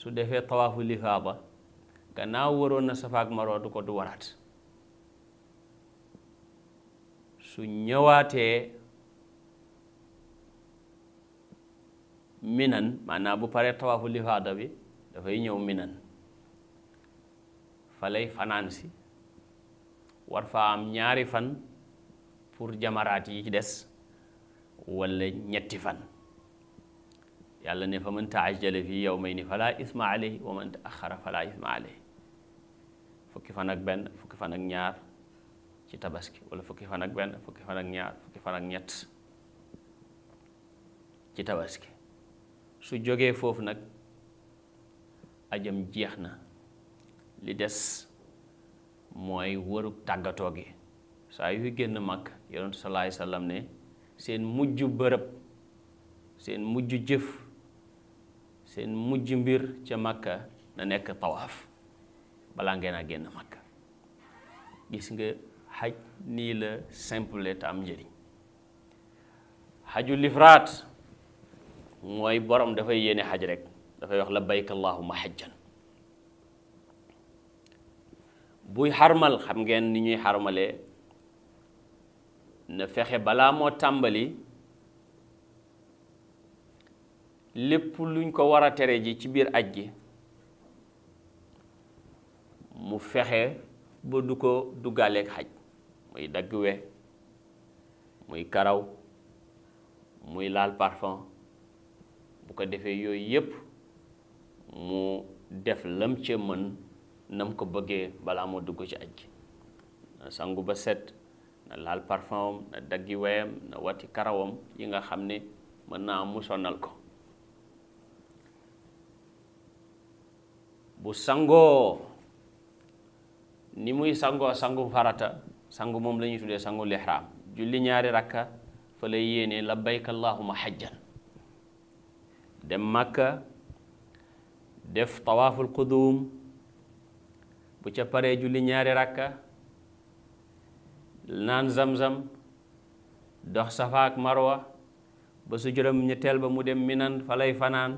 su defee tawaaful ifaada gannaaw waroon na Safa ak Marwa du ko du waraat su ñëwaatee minan maanaam bu paree tawaaful ifaada bi dafay ñëw minan fa fanaan si war fa am ñaari fan pour jamaraat yi ci des walla ñetti fan yàlla ne fa man taajjala fi yawmayni fala isma alayhi wa man taaxara isma alayhi fukki fan ak benn fukki fan ak ñaar tabaski wala fukki fan ak benn fukki fan ak ñaar fukki fan ak ñett ci tabaski su jógee foofu nag ajam jeex na li des mooy wërug tàggatoo gi saa yu génn mag yonent sallallahu alayhi wasallam ne seen mujj bërëb seen mujj jëf seen mujj mbir ca Makka na nekk tawaaf balaa ngeen a génn Makka gis nga xaj nii la simple te am njëriñ xajul ifraat mooy borom dafay yéene xaj rek dafay wax labbayka allahumma xajjan buy xarmal xam ngeen ni ñuy xarmale na fexe balaa moo tàmbali lépp luñ ko war a tere ji ci biir aj gi mu fexe ba du ko duggaaleeg xaj muy dagg we muy karaw muy laal parfum bu ko defee yooyu yépp mu def lam ca mën nam ko bëggee balaa moo dugg ci aj gi na sangu ba set na laal parfumam na daggi weyam na wati karawam yi nga xam ne mën naa mu sonal ko bu sangoo ni muy sangoo sangu farata sangu moom lañuy ñuy tuddee sangu lixraam julli ñaari rakka fa lay yéenee labbayka allahuma xajjan dem màkka def tawaaful qudum bu ca paree julli ñaari rakka naan zamzam dox safaak marwa ba su ñetteel ba mu dem minan fa lay fanaan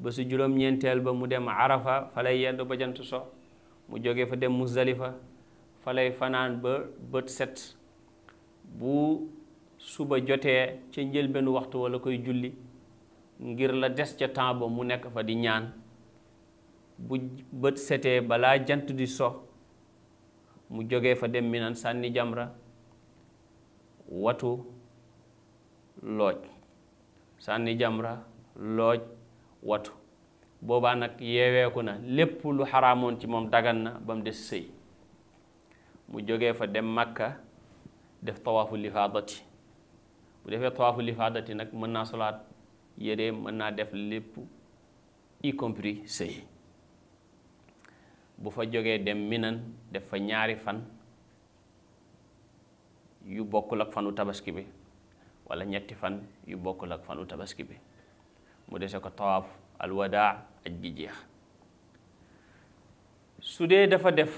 ba su juróom-ñeenteel ba mu dem arafa fa lay yendu ba jant so mu jóge fa dem musdalifa fa lay fanaan ba bët set bu suba jotee ca njëlbenn waxtu wala koy julli ngir la des ca temps mu nekk fa di ñaan bu bët setee balaa jant di so mu jógee fa dem minan sànni jamra watu looj sànni jamra looj watu boobaa nag yeeweeku na lépp lu xaraamoon ci moom dagan na ba mu des sëy mu jógee fa dem Makka def tawaafu lifaadati bu defee tawaafu lifaadati nag mën naa solaat yére mën naa def lépp y compris sëy bu fa jógee dem minan def fa ñaari fan yu bokkul ak fanu tabaski bi walla ñetti fan yu bokkul ak fanu tabaski bi mu dese ko tawaaf alwadaa aj gi jeex su dee dafa def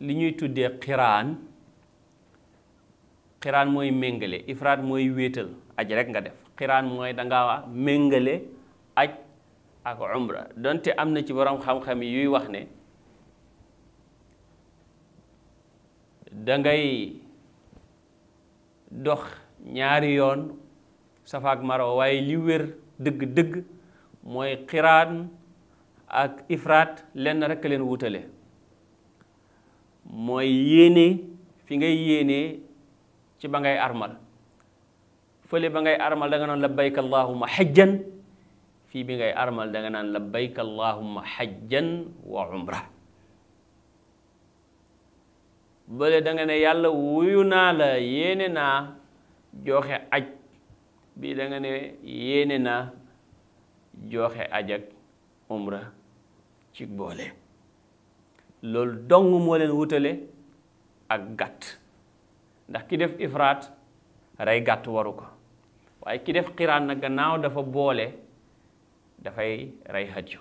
li ñuy tuddee xiraan xiraan mooy méngale ifraat mooy wéetal aj rekk nga def xiraan mooy danga méngale aj ak umra donte am na ci borom xam-xam yuy wax ne dangay dox ñaari yoon safaak maro waaye li wér dëgg-dëgg mooy xiraan ak ifraat lenn rekk leen wutale mooy yéene fi ngay yéene ci ba ngay armal fële ba ngay armal da nga naan labbayka allahumma fii bi ngay armal da nga naan labbayka allahumma xajjan wa umra bële da ne yàlla wuyu naa la yéene naa joxe aj bii da nga ne yéene naa joxe ajak umra ci boole loolu dong moo leen wutale ak gàtt ndax ki def ifraat rey gàtt waru ko waaye ki def xiraan na gannaaw dafa boole dafay rey hadiyu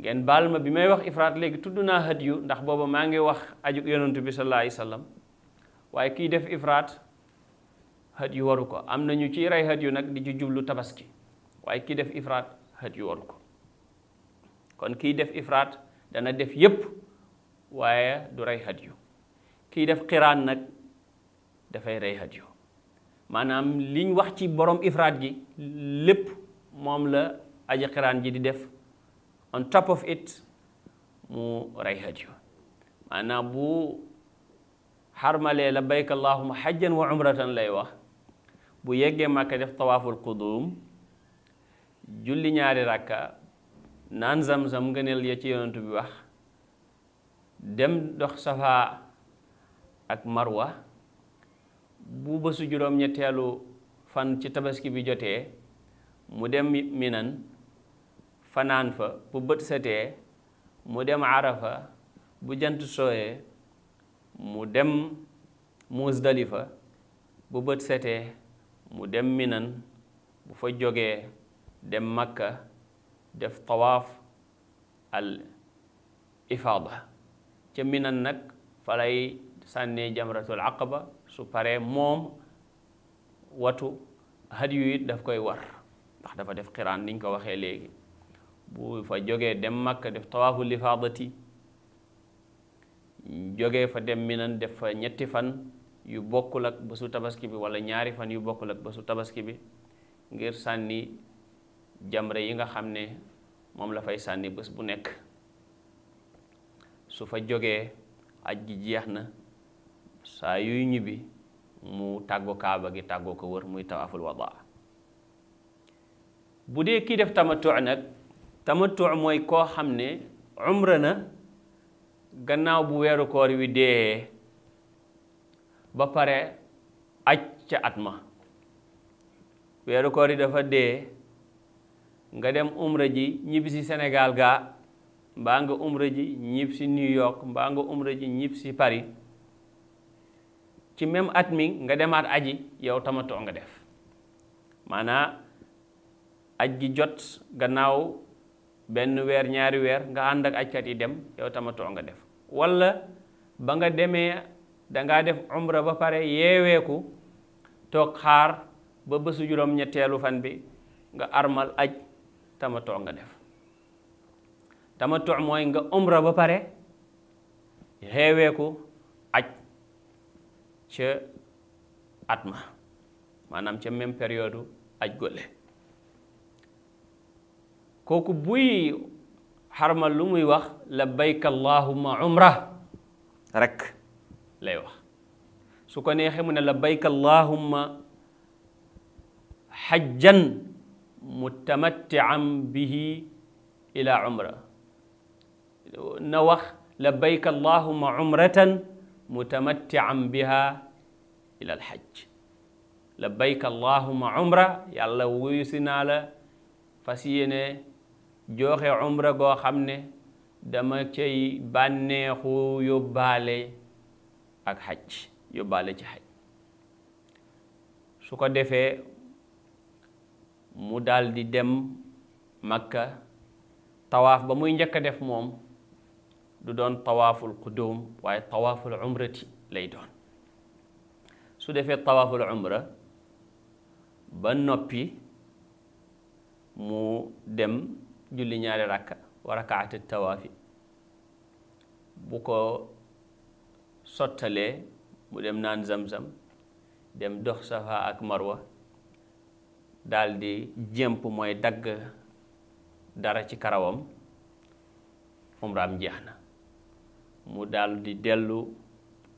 ngeen baal ma bi may wax ifraat léegi tudd naa hadiyu ndax booba maa ngi wax aju yonantu bi sallallahu alayhi waaye kiy def ifraat xët yu waru ko am na ñu ciy rey xët yu nag di jublu tabaski waaye kii def ifraat xët yu waru ko kon kii def ifraat dana def yépp waaye du rey xët yu kii def xiraan nag dafay rey xët yu maanaam liñ wax ci borom ifraat gi lépp moom la aji xiraan ji di def on top of it mu rey xët yu maanaam bu xarmalee la bayka allahuma xajjan wa umratan lay wax bu yeggee màkka def tawaaful qudum julli ñaari ràkka naan zam-zam ngëneel ya ci yonent bi wax dem dox safa ak marwa bu bésu juróom-ñetteelu fan ci tabaski bi jotee mu dem minan fanaan fa bu bët setee mu dem arafa bu jant sooyee mu dem musdalifa bu bët setee mu dem minan bu fa jógee dem makka def tawaaf al ifaada ca minan nag falay sànnee jamratul aqaba su paree moom watu hadiyu it daf koy war ndax dafa def xiraan liñ ko waxee léegi bu fa jógee dem makka def tawaaful ifaadati jógee fa dem minan def fa ñetti fan yu bokkul ak bésu tabaski bi wala ñaari fan yu bokkul ak bésu tabaski bi ngir sànni jamre yi nga xam ne moom la fay sànni bés bu nekk su fa jógee aj gi jeex na saa yuy ñibbi mu tàggu kaaba gi tàggoo ko wër muy tawaaful wadaa bu dee kii def tamattu nag tamattu mooy koo xam ne umra na gannaaw bu weeru koor wi dee ba pare aj ca at ma weeru koor yi dafa dee nga dem umra ji ñibbisi senegaal Sénégal gaa mbaa nga umra ji ñibb si New York mbaa nga umra Paris ci même at mi nga demaat aji yow tamatoo nga def maanaa aj gi jot gannaaw benn weer ñaari weer nga ànd ak ajkat yi dem yow tamatoo nga def walla ba nga demee dangaa def umra ba pare yeeweeku toog xaar ba bésu juróom ñetteelu fan bi nga armal aj tamatoo nga def tamatoo mooy nga umra ba pare yeeweeku aj ca at ma maanaam ca même période aj gole kooku buy xarmal lu muy wax labbayk allahumma umra rek lay wax su ko neexee mu ne labbayka allahumma xajjan mutamattian bihi ila umra na wax labbayka allahumma umratan mutamattian biha ila alxajj labbayka allahumma umra yàlla wuyu si fas yéene jooxe umra goo xam ne dama cay bànneexu ak xaj yóbbaale ci xaj su ko defee mu daldi dem makka tawaaf ba muy njëkk def moom du doon tawaaful qudum waaye tawaaful umrati lay doon su defee tawaaful umra ba noppi mu dem julli ñaari rakka wa rakaat tawaafi bu ko sottalee mu dem naan zam-zam dem dox safa ak marwa daldi jëmp mooy dagg dara ci karawam umraam jeex na mu dal di dellu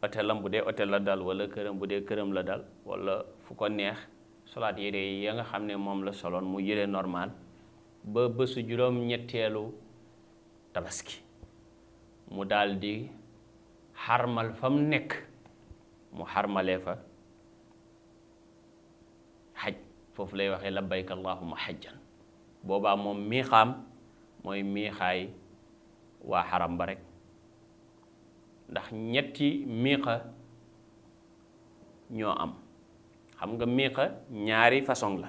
otelam bu dee otel la dal wala këram bu dee këram la dal wala fu ko neex solaat yére yi ya nga xam ne moom la soloon mu yére normal ba bësu juróom ñetteelu tabaski mu daldi xarmal fa mu nekk mu xarmalee fa xaj foofu lay waxee labbayka allahumma xajjan boobaa moom miixaam mooy miixaay waa xaram ba rek ndax ñetti miixa ñoo am xam nga miixa ñaari façon la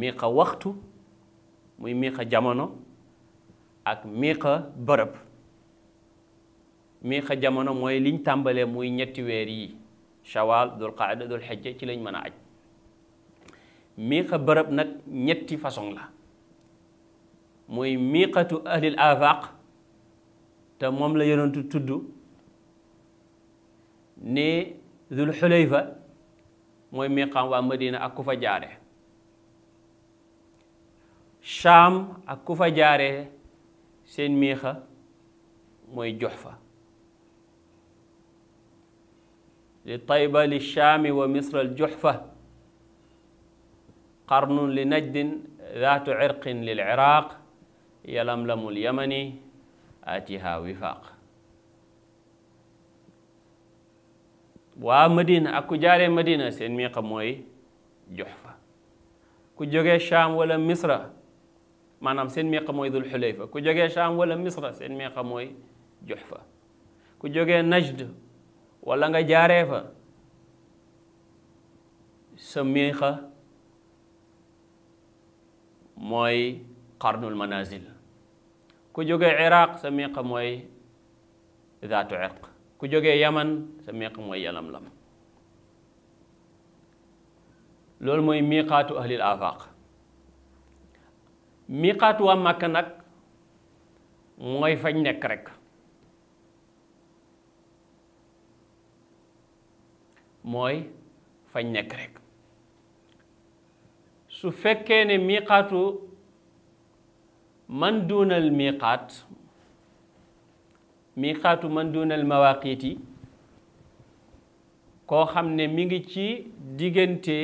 miixa waxtu muy miixa jamono ak miixa bërëb miixa jamono mooy liñ tàmbalee muy ñetti weer yi shawal dul qaada dul xejja ci lañ mën a aj miixa bërëb nag ñetti façon la muy miiqatu ahlil afaq te moom la yonentu tudd ne dul xulayfa mooy miiqaam waa madina ak ku fa jaare shaam ak ku fa jaare seen miixa mooy jox fa li tayba li shaami wa misra al juhfa qarnun li najdin zaatu irqin lil iraq yalamlamul yamani atiha wifaq waa madina ak ku jaaree madina seen miqa mooy juhfa ku jógee shaam wala misra maanaam seen miqa mooy dul xulayfa ku jógee shaam wala misra seen miqa mooy juhfa ku jógee najd walla nga jaaree fa sa miixa mooy qarnul manazil ku jóge iraq sa miixa mooy zaatu irq ku jóge yaman sa miixa mooy yalamlam loolu mooy miiqaatu ahlil afaq miiqaatu waa màkk nag mooy fañ nekk rekk mooy fañ nekk rek su fekkee ne miiqaatu man duunal miiqaat miiqaatu man duunal mawaaqiit yi koo xam ne mi ngi ci diggante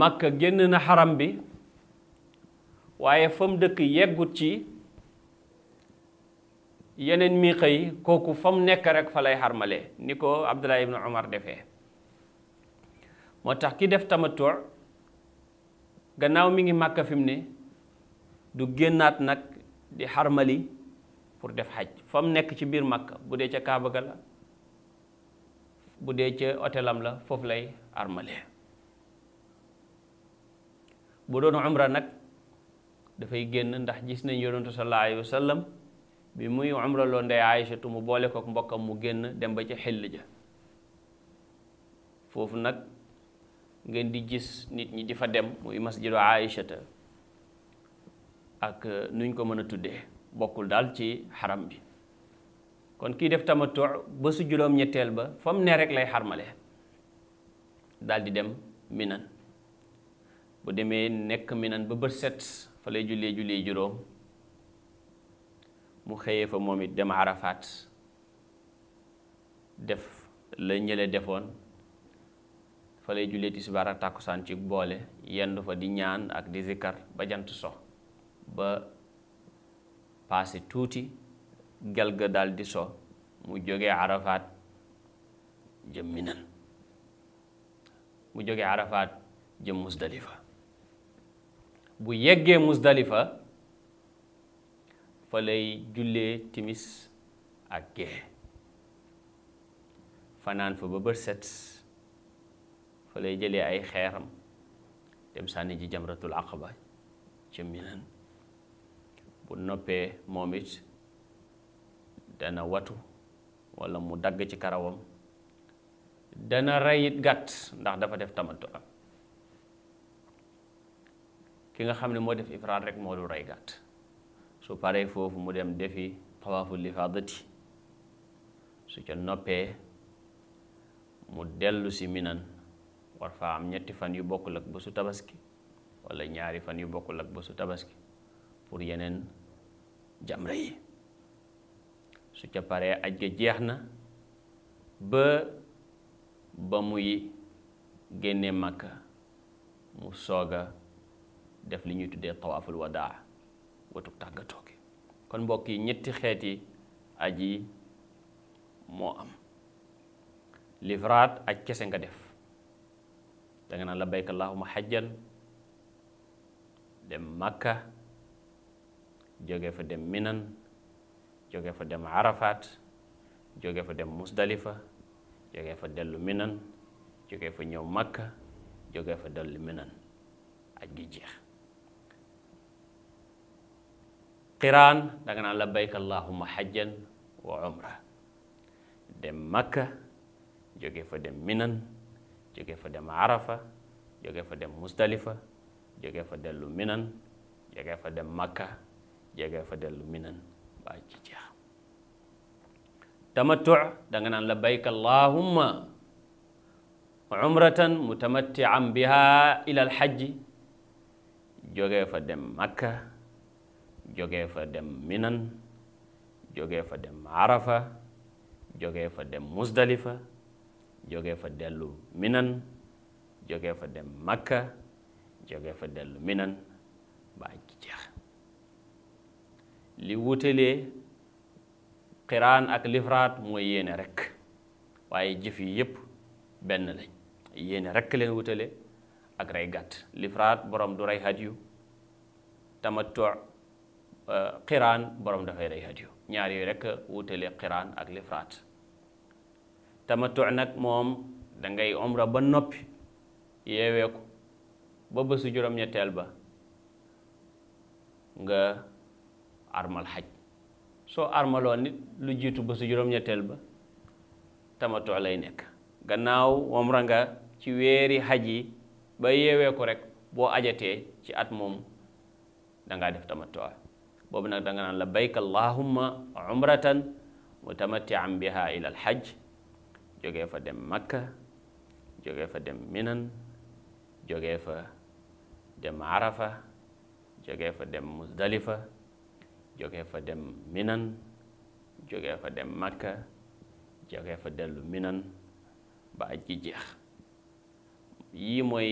Makka génn na xaram bi waaye fa dëkk yeggut ci yeneen mii xëy kooku fa mu nekk rekk fa lay xarmale ni ko Abdullah ibn Umar defee moo tax ki def tamattu gannaaw mi ngi màkk fi mu ne du génnaat nag di xarmali pour def xaj fa mu nekk ci biir màkka bu dee ca Kaaba ga la bu dee ca otelam la foofu lay armale bu doon umra nag dafay génn ndax gis nañ yonentu sallallahu alayhi bi muy umra loo ndey Aysatu mu boole kook mbokkam mu génn dem ba ca xell ja foofu nag ngeen di gis nit ñi di fa dem muy masjidu Aysata ak euh, nuñ ko mën a tuddee bokkul daal ci xaram bi kon kii def tamattu ba su juróom ñetteel ba fa mu ne rek lay xarmale daldi dem minan bu demee nekk minan ba bët set fa lay jullee jullee juróom mu xëyee fa moom it dem Arafat def la ñële defoon fa lay jullee tisbaar ak tàkkusaan ci boole yendu fa di ñaan ak di zikkar ba jant so ba paase tuuti gal ga daal so mu jógee Arafat jëm Minan mu jógee arafaat jëm Musdalifa bu yeggee Musdalifa fa lay jullee timis ak gee fanaan fa ba bër set fa lay jëlee ay xeeram dem sànni ji jamratul ba ca minan bu noppee moom it dana watu wala mu dagg ci karawam dana reyit gàtt ndax dafa def tamattu am ki nga xam ne moo def ifraat rek moo du rey gàtt su paree foofu mu dem defi tawaaful ifaadati su ca noppee mu dellusi minan war faa am ñetti fan yu bokkul ak bésu tabaski wala ñaari fan yu bokkul ak bésu tabaski pour yeneen jamra yi su ca paree aj ga jeex na ba ba muy génne Makka mu sog a def li ñuy tuddee tawaaful wadaa watuk tàggatoo gi kon mbokk yi ñetti xeeti aji moo am livraat aj kese nga def da nga naan labbayka allahumma xajjan dem makka jóge fa dem minan jóge fa dem arafat jóge fa dem musdalifa jóge fa dellu minan jóge fa ñëw makka jóge fa dellu minan aj gi jeex qiraan da nga naan labbayka allahumma hajjan wa umra dem makka jóge fa dem minan jóge fa dem arafa jóge fa dem musdalifa jóge fa dellu minan jóge fa dem makka jóge fa dellu minan ba ci jeex tamattu da nga naan labbayka allahumma umratan mutamatti'an biha ila alhajji jóge fa dem makka jógee fa dem minan jógee fa dem arafa jógee fa dem musdalifa jógee fa dellu minan jógee fa dem makka jógee fa dellu minan ba aj jeex li wutelee xiraan ak lifraat mooy yéene rekk jëf yi yépp benn lañ rekk leen wutale ak rey gàtt lifraat borom du rey hadiyu tamattu xiraan boroom dafay rey hadiyu ñaar yooyu rek wutale qiraan ak lifraat tamattu nag moom da ngay omra ba noppi yeewee ko ba bésu juróom-ñetteel ba nga armal xaj soo armaloon nit lu jiitu bésu juróom-ñetteel ba tamattu lay nekk gannaaw omra nga ci weeri xaj yi ba yeewee ko rek boo ajatee ci at moom da ngaa def tamattu boobu nag da nga naan labbayka allahumma umratan biha ila alxaj jógee fa dem makka jógee fa dem minan jógee fa dem arafa dem muzdalifa jógee fa dem minan jógee fa makka jógee dellu minan ba aj jeex yii mooy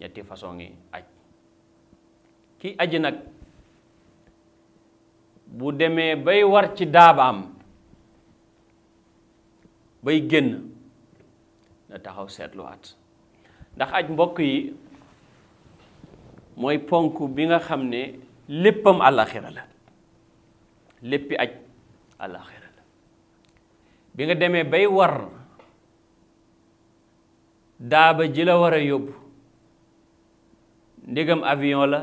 ñetti façon yi aj ki aji nag bu demee bay war ci daabaam bay génn na taxaw seetluwaat ndax aj mbokk yi mooy ponk bi nga xam ne léppam àllaxira la léppi aj àllaxira bi nga demee bay war daaba ji la war a yóbbu ndégam avion la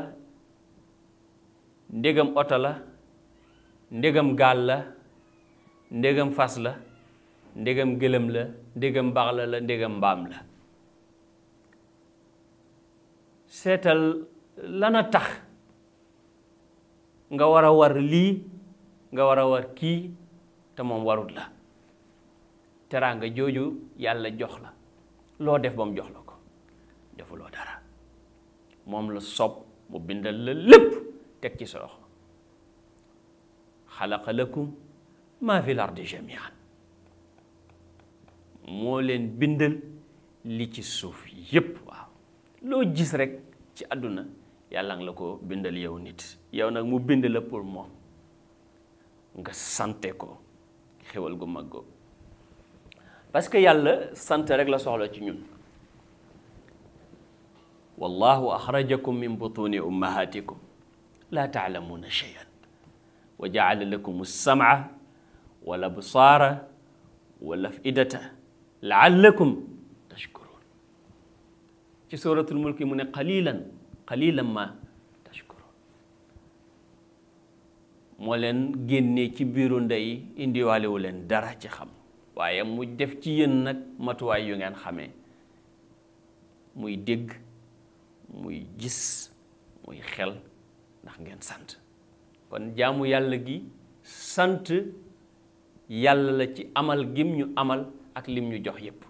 ndégam oto la ndegam gaal la ndegam fas la ndegam gëlëm la ndégam baaxla la ndégam mbaam la seetal lan a tax nga war a war lii nga war a war kii te moom warut la teraanga jooju yàlla jox la loo def ba mu jox la ko defuloo dara moom la sob mu bindal la lépp teg ci sa xalaqa lakum maa fi l ardi jamian moo leen bindal li ci suuf yépp waaw loo gis rek ci àdduna yàlla nga la ko bindal yow nit yow nag mu bind la pour moom nga sante ko xéwal gu mag ko parce que yàlla sant rek la soxla ci ñun wallahu axrajakum min butuni ummahatikum laa taalamuuna cheyan wa jaala lakum alsamca wal absaara wal afidata laallakum tashkurun ci suratul mulki mu ne qalilan qalilan ma tashkurun moo leen génnee ci biiru ndey indiwaalewu leen dara ci xam waaye mu def ci yéen nag matuwaay yu ngeen xamee muy dégg muy gis muy xel ndax ngeen sant kon jaamu yàlla gi sant yàlla la ci amal gim ñu amal ak lim ñu jox yépp